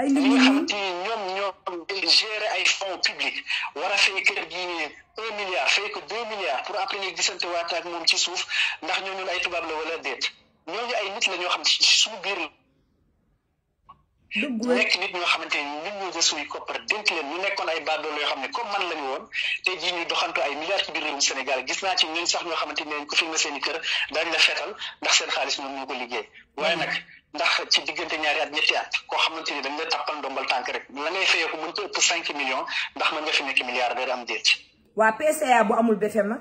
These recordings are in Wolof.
ay nit ñi xam te ñoom ay fonds publics war a fay kër gi un milliard fay ko deux milliards pour après ñu gisante waat moom ci suuf ndax ñooñu ay tubaab la wala déet ñooñu ay nit la ñoo xam ci suñu biir nekk nit ñoo xamante ni nit ñoo jël suñu koppar dénk leen ñu nekkoon ay baadoolo yoo xam ne comme man la woon tey jii ñu doxantu ay milliards ci biir réewum Sénégal gis naa ci ñooñ sax ñoo xamante ne ko filmé seen i kër daañ la fetal ndax seen xaalis ñoom ñoo ko liggéey waay mm-hmm. nag ndax ci diggante ñaari at ñetti at koo xamante ni dañ la tàppal ndombal tànk rek la ngay fayee ko mënta ëpp cinq millions ndax mën nga fi nekk milliardaire am déet. waa PCA bu amul BFM ma.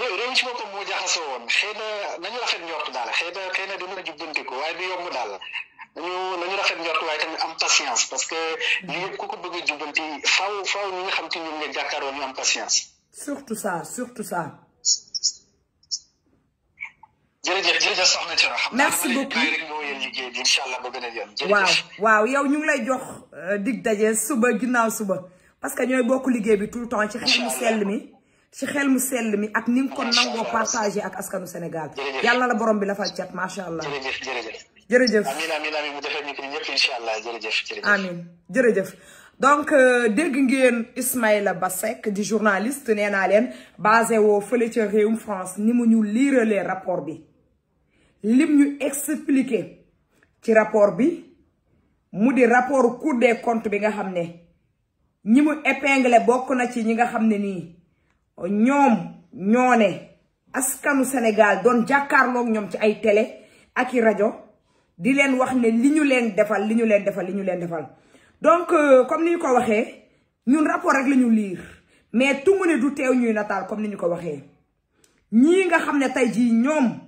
réew ci boppam moo jaxasoo woon xëy na nañu rafet njort daal xëy na xëy na dina waaye du yomb daal nañu nañu rafet njort waaye tamit am patience parce que lii yëpp ku ko bëgg a jubbanti faaw faaw ñi nga xam te ñoom nga jàkkaaroon ñu am patience. surtout ça surtout ça. jërëjëf jërëjëf waaw waaw yow ñu ngi lay jox euh, dig daje suba ginnaaw suba parce que ñooy bokk liggéey bi tout le temps ci xel mu sell mi ci xel mu sell mi ak ni kon ko nangoo partagé ak askanu Sénégal yàlla la borom bi la fa cat macha allah jërëjëf jërëjëf jërëjëf jërëjëf donc euh, dégg ngeen Ismaïla Bassek di journaliste nee naa leen basé woo fële ca réewum France ni mu ñu liiralee rapport bi lim ñu explique ci rapport bi mu di rapport Cour des comptes bi nga xam ne ñi mu épinglé bokk na ci ñi nga xam ne nii ñoom ñoo ne askanu Sénégal doon jàkkaarloog ñoom ci ay télé ak i rajo di leen wax ne li ñu leen defal li ñu leen defal li ñu leen defal donc euh, comme ni ñu ko waxee ñun rapport rek la ñu liir mais tungu ne du teew ñuy nataal comme ni ñu ko waxee ñii nga xam ne tey jii ñoom.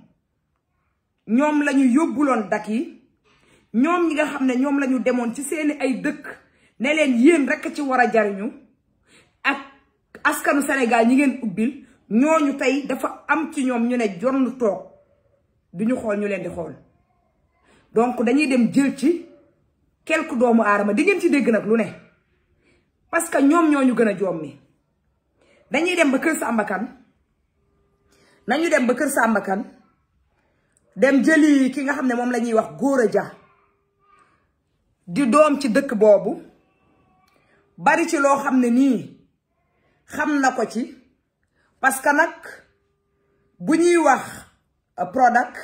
ñoom la ñu yóbbuloon dak yi ñoom ñi nga xam ne ñoom la ñu demoon ci seeni ay dëkk ne leen yéen rekk ci war a jariñu ak askanu Sénégal ñi ngeen ubbil ñooñu tey dafa am ci ñoom ñu ne jonn toog duñu xool ñu leen di xool donc dañuy dem jël ci quelque doomu aadama di ngeen ci dégg nag lu ne parce que ñoom ñu gën a jommi dañuy dem ba kër Samba Kane nañu dem ba kër sàmbakan dem jëli ki nga xam ne moom la ñuy wax Gora ja di doom ci dëkk boobu bari ci loo xam ne nii xam na ko ci parce que nag bu ñuy wax euh, Prodac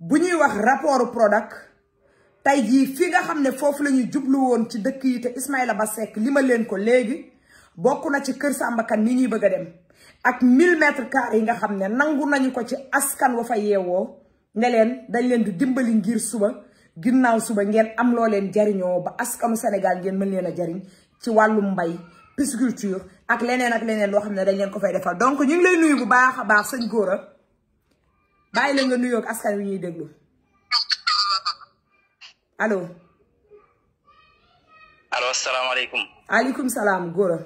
bu ñuy wax rapport Prodac tey jii fi nga xam ne foofu la ñu jublu woon ci dëkk yi te Ismaïla Ba Seck li ma leen ko léegi bokk na ci kër Samba Kane ni ñuy bëgg a dem ak 1000 mètres carrés yi nga xam ne nangu nañu ko ci askan wa fa yeewoo ne dañ leen di dimbali ngir suba ginnaaw suba ngeen am loo leen jariñoo ba askanu Sénégal ngeen mën leen a jariñ ci wàllum mbay pisciculture ak leneen ak leneen loo xam ne dañ leen ko fay defal donc ñu ngi lay nuyu bu baax a baax sëñ Gora bàyyi leen nga nuyoo ak askan wi ñuy déglu allo. allo salaamaaleykum. aleykum salaam Gora.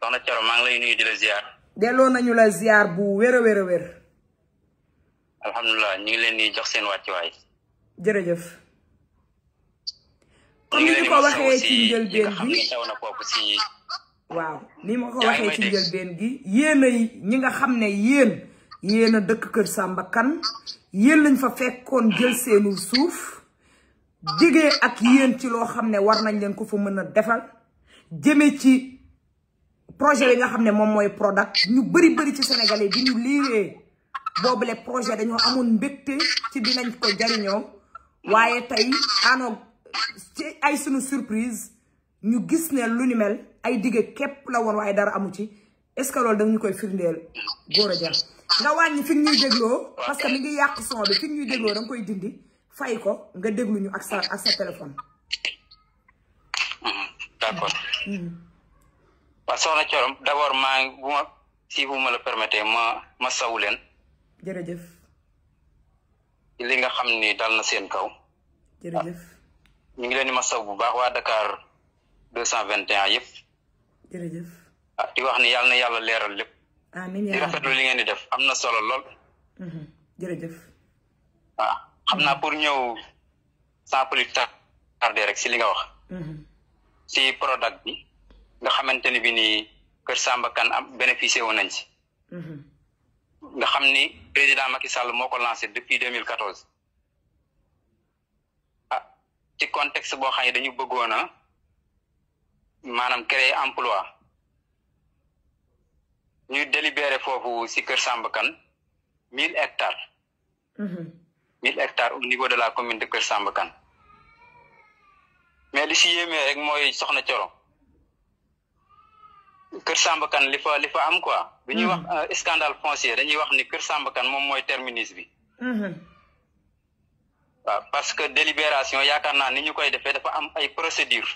soxna Thioro maa ngi lay nuyu di la ziar. delloo nañu la ziar bu wér a wér a wér. alhamdulilah ñu ngi leen di jox seen wàccuwaay. jërëjëf. comme ni ñu ko waxee ci ni ma ko waxee ci njëlbeen gi yéen a ñi nga xam ne yéen yéen a dëkk Kër Samba Kane yéen lañ fa fekkoon jël seenu suuf digee ak yéen ci loo xam ne war nañ leen ko fa mën a defal jëme ci. projet yi nga xam ne moom mooy Prodac ñu bëri bëri ci Sénégalais bi ñu liiree boobule projet dañoo amoon mbégte ci dinañ ko jariñoo waaye tey ano ci ay sunu surprise ñu gis ne lu ñu mel ay dige képp la woon waaye dara amu ci est-ce que loolu dañu koy firndeel góor a jar nga wàññi fi ñuy dégloo parce que mi ngi yàq son bi fi ñuy dégloo danga koy dindi fay ko nga déglu ñu ak sa téléphone. d'accord. Hmm. waaw soxna Corom d' abord maa bu ma si bu ma la permettre ma ma sawu leen. jërëjëf. li nga xam ni dal na seen kaw. ñu ngi leen di ma saw bu baax waa Dakar deux cent vingt en un yëpp. jërëjëf. ah di wax ni yàlla na yàlla leeral lépp. amiin di rafetlu li ngeen di def am na solo lool. Mhm. a ah, xam naa pour ñëw sans plus tarder rek si li nga wax. Mhm. si Prodac nga xamante ni bi nii Kër Samba Kane am bénéficié woon nañ ci. Mhm. nga xam ni président Macky Sall moo ko lancé depuis 2014. ah ci contexte boo xam ne dañu bëggoon a maanaam créer emploi ñuy délibéré foofu si Kër Samba Kane mille hectares. Mhm. mille hectare au niveau de la commune de Kër Samba Kane mais li si yéemee rek mooy soxna Coro. Kër Samba Kane li fa li fa am quoi. bu ñuy mm. wax euh, scandale foncier dañuy wax ni Kër Samba Kane moom mooy terminus bi. Mm-hmm. waaw parce que délibération yaakaar naa ni ñu koy defee dafa am ay procédure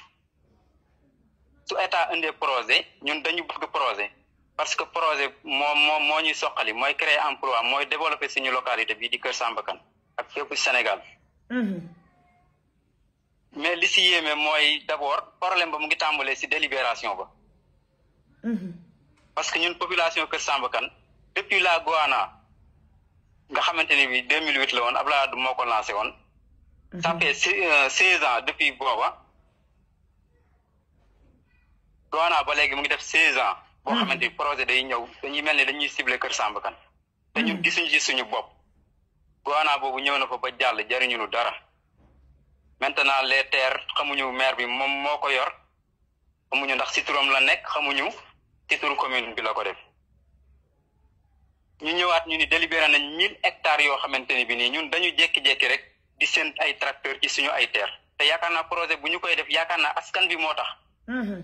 su état indee projet ñun dañu bëgg projet parce que projet moo moo moo ñuy soqali mooy créer emploi mooy développer suñu localité bii di Kër Samba Kane ak fépp Sénégal. Mm-hmm. mais li si yéeme mooy d' abord problème ba mu ngi tàmbalee si délibération ba. Mm-hmm. parce que ñun population Kër Samba Kane depuis la Goana nga xamante ne mille 2008 la woon Abdoulaye Wade moo ko lancé woon. ça mm-hmm. fait euh, seize ans depuis booba. Goana ba léegi mu ngi def seize ans. Mm-hmm. projet day ñëw dañuy mel ne dañuy ciblé Kër Samba Kane. ci suñu bopp. Goana boobu ñëw na fa ba jàll jariñu dara. maintenant les terres xamuñu maire bi moom moo ko yor xamuñu ndax si la nekk xamuñu. ci turu commune bi la ko def ñu ñëwaat ñu ni délibéré nañ mille hectares yoo xamante ne bi nii ñun dañu jékki-jékki rek di seen ay tracteur ci suñu ay terre te yaakaar naa projet bu ñu koy def yaakaar naa askan bi moo tax mm-hmm.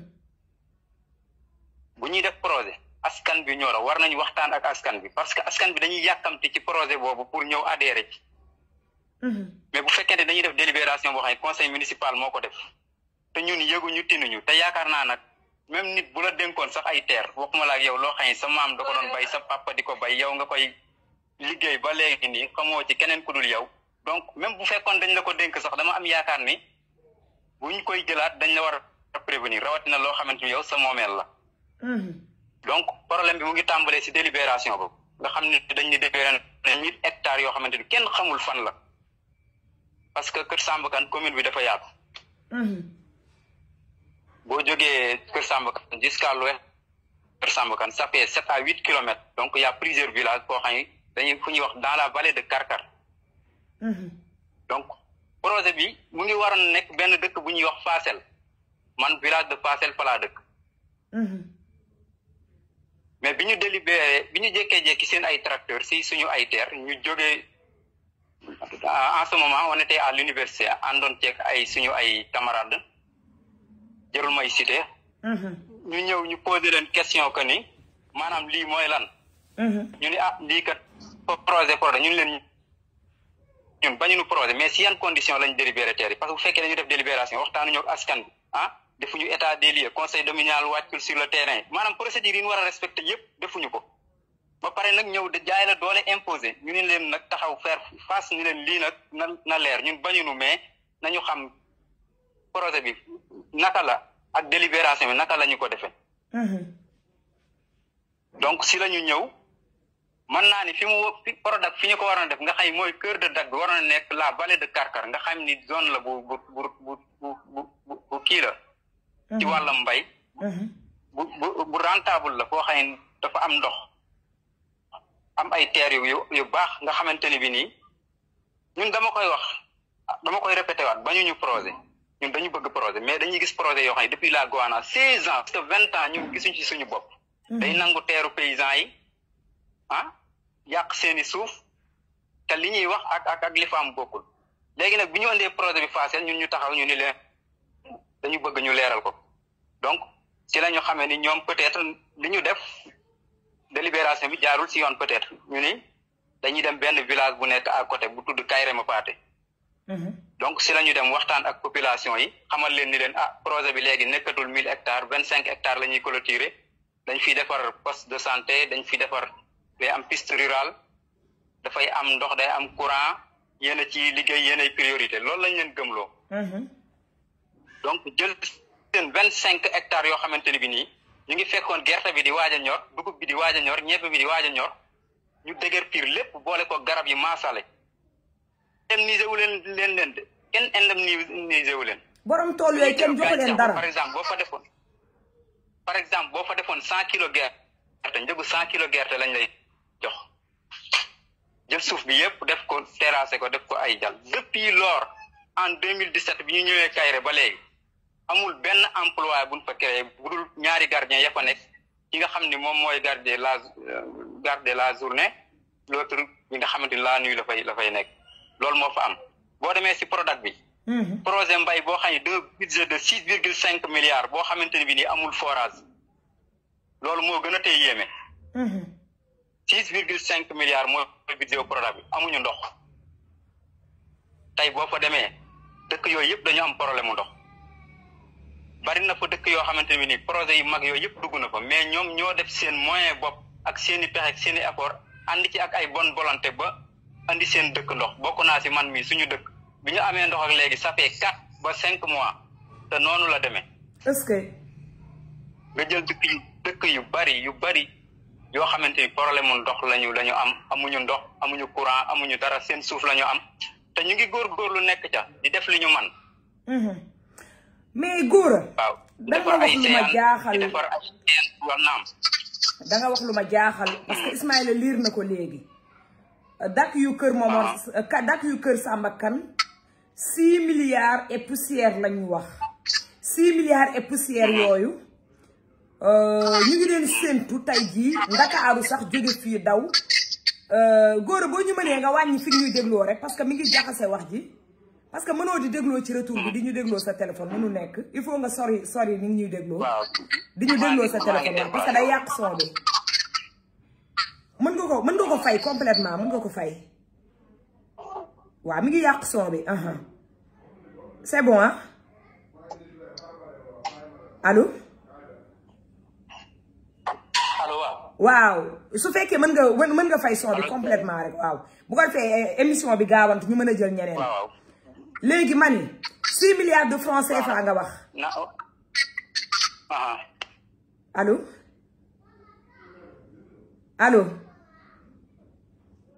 bu ñuy def projet askan bi ñoo la war nañu waxtaan ak askan bi parce que askan bi dañuy yàkkamti ci projet boobu pour ñëw adhéré ci mm-hmm. mais bu fekkee fekkente dañuy def délibération boo xam ne conseil municipal moo ko def te ñun yëguñu tinuñu te yaakaar naa nag même nit bu la dénkoon sax ay terre waxuma la ak yow loo xam ne sa maam da ko doon bay sa papa di ko bay yow nga koy liggéey ba léegi nii xamoo ci keneen ku dul yow donc même bu fekkoon dañ la ko dénk sax dama am yaakaar ni ñu koy jëlaat dañu la war a prévenir rawatina loo xamante ni yow sa moomeel la. Mhm. donc problème bi mu ngi tàmbalee si délibération boobu nga xam ne dañ ñu délibéré ne mille hectares yoo xamante ni kenn xamul fan la parce que Kër Samba commune bi dafa yaatu. Mhm. boo jógee Kër Samba Kane jusqu'à l'ouest Kër Samba Kane ça fait huit kilomètres donc y' a plusieurs villages koo xam ne dañuy fu ñuy wax dans la vallée de Karkar. Mm-hmm. donc projet bi mu ngi waral nekk benn dëkk bu ñuy wax Fassel man village de Fassel fa dëkk. Mm-hmm. mais bi ñu délibéré bi ñu jékkee-jékki seen ay tracteurs si suñu ay terre ñu jógee en ce moment on était à l'université àndoon ceeg ay suñu ay tamarade jarul may mhm. ñu ñëw ñu posé leen question que ni maanaam lii mooy lan. Mhm. ñu ni ah lii kat projet projet ñu ni leen ñun bañu nu projet condition lañ délibéré terre yi parce que def délibération waxtaanuñu ak askan bi ah defuñu état des lieux conseil dominial wàccul sur le terrain maanaam procédure yi ñu war a respecté yëpp defuñu ko. ba pare nag ñëw de jaay la doole imposé ñu ni leen na taxaw faire face ni leen lii nag na na leer ñun bañu nu mais nañu xam projet bi. naka la ak délibération bi naka la ñu ko defee. Mhm. donc si la ñëw mën naa ni fi mu fi fi ñu ko war a def nga xay mooy kër de Dak bi war a nekk la vallée de Karkar nga xam ni zone la bu bu bu kii la. Mhm. ci wàllum mbay. Mhm. bu bu rentable la foo xam ne dafa am ndox am ay terre yu yu baax nga xamante ni bi nii ñun dama koy wax dama koy répété waat bañu ñu projet. ñun dañu bëgg projet mais dañuy gis projet yoo xam ne depuis la Goana seize ans te vingt ans ñun ci suñu bopp mm-hmm. day nangu teeru paysan yi ah yàq seeni suuf te li ñuy wax ak ak li fa am bokkul léegi nag bi ñu andee projet bi faaseel ñu ñu taxaw ñu ni leen dañu bëgg ñu leeral ko donc ci la ñu xamee ni ñoom peut-être li ñu def délibération bi jaarul ci yoon peut ñu ni dañuy dem benn village bu nekk à côté bu tudd Kayrema Paate mm-hmm. donc si la ñu dem waxtaan ak population yi xamal leen ni leen ah projet bi léegi nekkatul mille hectares vingt cinq hectares la ñuy clôturer dañ fiy defar poste de santé dañ fiy defar day am piste rural dafay am ndox day am courant yéen ci liggéey yéen ay priorité loolu lañ leen gëmloo mhm. donc jël seen vingt cinq hectares yoo xamante ni bi nii ñu ngi fekkoon gerte bi di waaj a ñor dugub bi di waaj a ñor ñebe bi di waaj a ñor ñu dëgër piir lépp boole ko garab yi maasale indemnisé wu leen leen leen de kenn indemnisé wu leen. borom tool yooyu kenn leen dara par exemple boo fa defoon par exemple boo fa defoon cent kilos gerte njëgu cent kilo gerte lañ lay jox jël suuf bi yëpp def ko terrassé ko def ko ay jal depuis lors en mille 2017 bi ñu ñëwee Kayre ba léegi amul benn emploi buñ fa créé bu dul ñaari gardien ya fa nekk ki nga xam ni moom mooy garder la euh, garder la journée l'autre bi nga xamante ni la nuy la fay la fay nekk. loolu moo fa am boo demee si Prodac bi. Mhm. projet mbay boo xam ne deux budget de six virgule cinq milliards boo xamante ne bi nii amul forage loolu moo gën a tey yéeme. Mhm. six virgule cinq milliards mooy budget Prodac bi amuñu ndox tey boo fa demee dëkk yooyu yëpp dañu am problème mu ndox bari na fa dëkk yoo xamante ne nii projet yu mag yooyu yëpp dugg na fa mais ñoom ñoo def seen moyen bopp ak seen i pexe ak seen i ci ak ay bon bolante ba. andi seen dëkk ndox bokk naa si man mii suñu dëkk bi ñu amee ndox léegi ça fait ba cinq mois te noonu la demee. est que. nga jël dëkk yu dëkk yu bari yu bari yoo xamante ni problème mu ndox lañu lañu am amuñu ndox amuñu courant amuñu dara seen suuf la ñu am te ñu ngi lu nekk ca di def li ñu man mhm. mais góora. waaw defar ay wax lu ma jaaxal parce que Ismaïla liir na ko léegi. dak yu kër Momar ah. euh, dak yu kër Samba kan six milliards et poussière lañu wax six milliards et poussière ah. yooyu euh, ñu ngi leen séentu tey jii ndakaaru sax jóge fii daw euh, góor boo ñu mënee nga wàññi fi ñuy dégloo rek parce que mi ngi jaxase wax ji parce que mënoo di dégloo ci retour bi di ñu dégloo sa téléphone mënu nekk il faut nga sori sori ni ngi ñuy dégloo di ñu dégloo sa téléphone parce que day yàq son bi mën nga ko mën nga ko fay complètement mën nga ko fay waaw mi ngi yàq son bi uh-huh. c'est bon ah allo. waaw su fekkee mën nga mën nga fay son bi complètement rek waaw bu ko eh, émission bi gaawant ñu mën a jël ñeneen. léegi ma ni six milliards de francs CFA nga wax. allo oh. allo.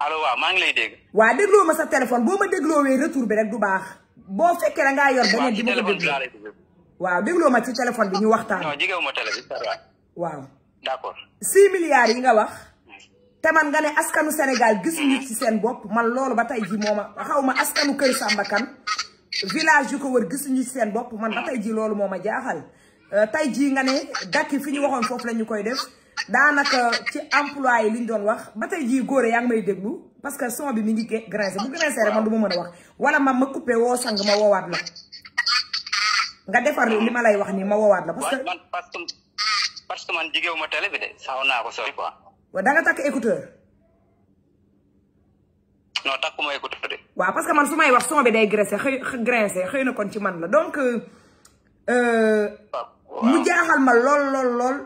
allo waaw maa ngi lay dégg. waaw dégloo ma sa téléphone boo ma dégloowee retour bi rek du baax boo fekkee da ngaa yor beneen di ma ko déglu waaw dégloo ma ci téléphone bi ñu waxtaan. non jigéewu ma télé bi waaw. d'accord. six milliards yi nga wax. te man nga ne askanu Sénégal gis gisuñu ci seen bopp man loolu ba tey ji moom a xaw ma askanu Kër Samba Kane village yu ko wër gisuñu ci seen bopp man ba tey ji loolu moom a jaaxal euh, tey jii nga ne dàkki fi ñu waxoon foofu la ñu koy def. daanaka ci emploi yi li ñu doon wax ba tey jii góor yaa ngi may déglu parce que son bi mi ngi grincé bu grincé rek man du ma mën a wax wala ma ma coupé woo sang ma woowaat la nga defar li ma lay wax nii ma woowaat la. parce que man parce que man jigéewu ma télé bi de saxoon naa ko sori quoi. waaw da nga takk écouteur. non takkuma parce que man su may wax son bi day grincé xëy grincé xëy na kon ci man la donc. Euh, mu jaaxal ma lool lool lool.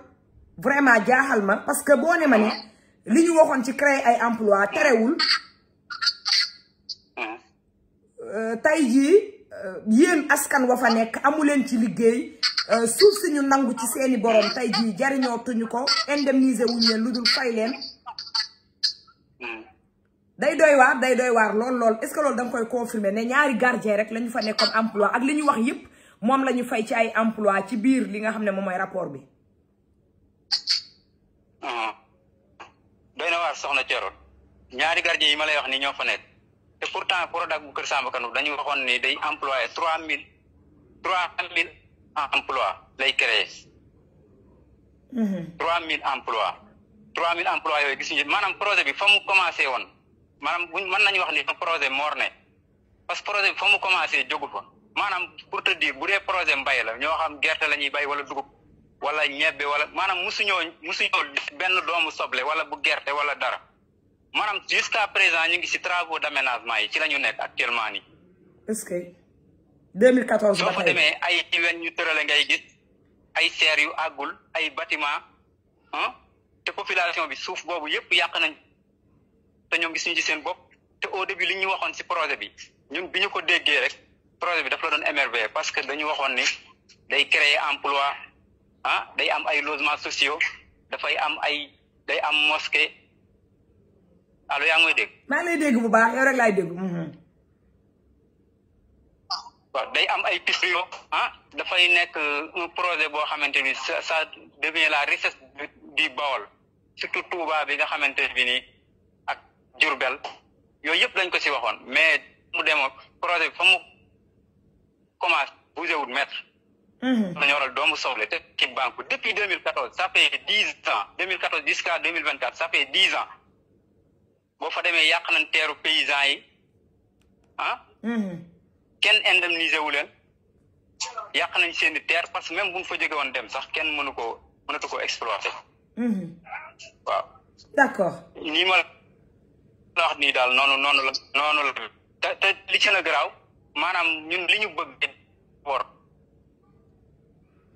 vraiment jaaxal ma parce que boo ne ma ne li ñu woxoon ci créer ay emploi terewul euh, tey jii euh, yéen askan wa fa nekk amu leen ci liggéey euh, suuf si ñu nangu ci seeni borom tey jii jariñootuñu ko indemniser wuñ leen lu dul fay leen day doy waar day doy waar lool lool est-ce que loolu da koy confirmer ne ñaari gardien rek la ñu fa nekk emploi ak li ñu wax yépp moom la fay ci ay emploi ci biir li nga xam ne moom mooy rapport bi Oustaz Soxna Thioro ñaari gardien yi ma lay wax ni ñoo fa nekk te pour Prodac bu Kër Samba Kanu dañu waxoon ni day employé trois mille trois mille emploi lay créé. Mhm. trois mille emplois trois mille emplois yooyu gis ñu maanaam projet bi fa mu commencé woon maanaam buñ mën nañu wax ni projet moor ne parce que projet bi fa mu commencé jógu fa maanaam pour te dire bu dee projet mbay la ñoo xam gerte la ñuy bay wala dugub. wala ñebbe wala maanaam musuñoo musuñoo benn doomu soble wala bu gerte wala dara maanaam jusqu'à présent ñu ngi si travaux d'aménagement yi ci la ñu nekk actuellement nii. est que 2014. soo fa demee ay wen ñu tërale ngay gis ay serre yu àggul ay bâtiment ah te population bi suuf boobu yëpp yàq nañ te ñoom gisuñu ci seen bopp te au début li ñu waxoon si projet bi ñun bi ñu ko déggee rek projet bi daf la doon émerveillé parce que dañu waxoon ni day créer emploi. ah day am ay logements sociaux dafay am ay day am mosquée allo yaa ngi may dégg. maa ngi dégg bu baax yow rek laay dégg. Mhm. day am ay piste yoo ah, dafay nekk euh, projet boo xamante ni ça ça devient la richesse du Baol surtout Touba bi nga xamante bi nii ak Diourbel yooyu yëpp dañ ko si waxoon mais mu demoo projet bi fa mu commencé bougé wut mètre dañoo mm-hmm. waral doomu soble te ci banque depuis 2014 ça fait dix ans 2014 jusqu'à 2024 ça fait dix ans boo fa demee yàq nañ teeru paysans yi ah. Mm-hmm. kenn indemnisé wu leen yàq nañ seeni i terre parce que même bu ñu fa jege woon dem sax kenn mënu ko mënatu ko exploité. Mm-hmm. waaw. d'accord nii ma la wax nii daal noonu noonu la noonu la te te li ci na garaaw maanaam li ñu bëgg wor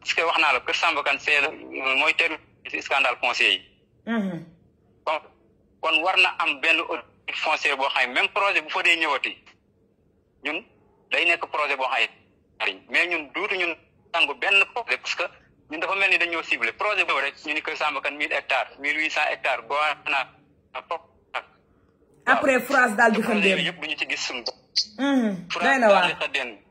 puisque wax naa la kër Samba Kane c'est mooy terme scandale foncier yi. kon mhm. kon war na am benn audit boo xam ne projet bu fa dee ñëwati ñun day nekk projet boo xam ne mais ñun duutu ñun sangu benn projet parce que ñun dafa mel ni dañoo ciblé projet boobu rek ñu ni kër Samba Kane mille hectares mille huit cent hectares naa après France daal di fa yëpp du ñu ci gis suñu bopp. Mhm. France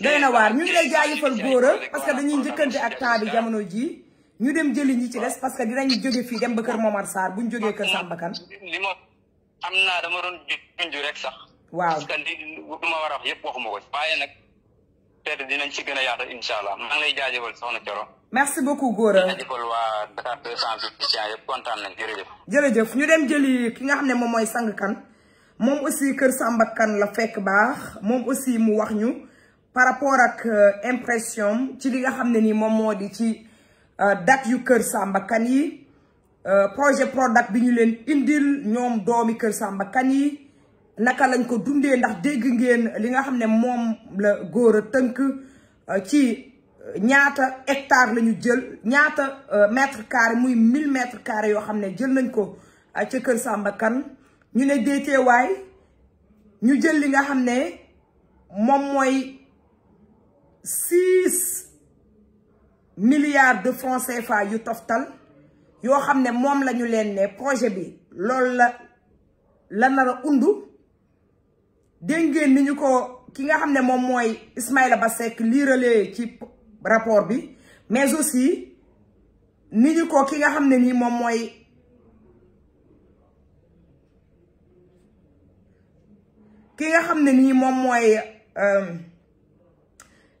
doy na waar ñu ngi lay jaajëfal góora parce que dañuy njëkkante ak temps bi jamono jii ñu dem jëli ñi ci des parce que dinañ jóge fii dem ba kër Momar Sarr buñ jógee kër Samba Kane. li ma am naa dama doon junj rek sax. waaw parce que ma war a wax yëpp waxuma waaye nag tey dinañ ci gën a yaata incha allah maa ngi lay jaajëfal soxna Thioro. merci beaucoup Gora jaajëfal waa Dakar 221 yëpp kontaan nañ jërëjëf. jërëjëf ñu dem jëli ki nga xam ne moom mooy sang kan moom aussi kër Samba Kane la fekk baax moom aussi mu wax ñu par rapport ak euh, impression ci li nga xam ne nii moom moo di ci euh, dat yu Kër Samba Kane yi euh, projet Prodac bi ñu leen indil ñoom doomi Kër Samba Kane yi naka lañ ko dundee ndax dégg ngeen li nga xam ne moom la góor a tënk ci ñaata hectare lañu jël ñaata mètre carré muy mille mètres carrés yoo xam ne jël nañ ko ca Kër Samba Kane ñu ne déetewaay ñu jël li nga xam ne moom mooy six milliards de francs CFA yu toftal yoo xam ne moom lañu ñu leen projet bi lool la la nar a undu dégg ni ñu ko ki nga xam ne moom mooy Ismaïla Bassek liiralee ci rapport bi mais aussi ni ñu ko ki nga xam ne nii moom mooy ki nga xam ne nii moom mooy euh,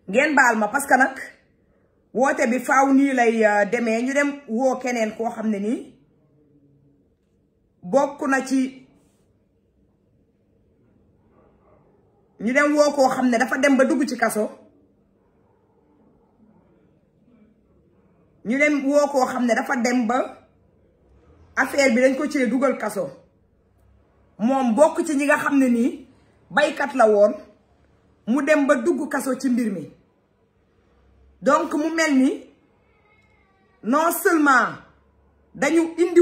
ngeen baal ma parce que nag woote bi faaw nii lay euh, demee ñu dem woo keneen koo xam ne nii bokk na ci ñu dem woo koo xam ne dafa dem ba dugg ci kaso ñu dem woo koo xam ne dafa dem ba affaire bi dañ ko cee dugal kaso moom bokk ci ñi nga xam ne nii baykat la woon mu dem ba dugg kaso ci mbir mi donc mu mel ni non seulement dañu indi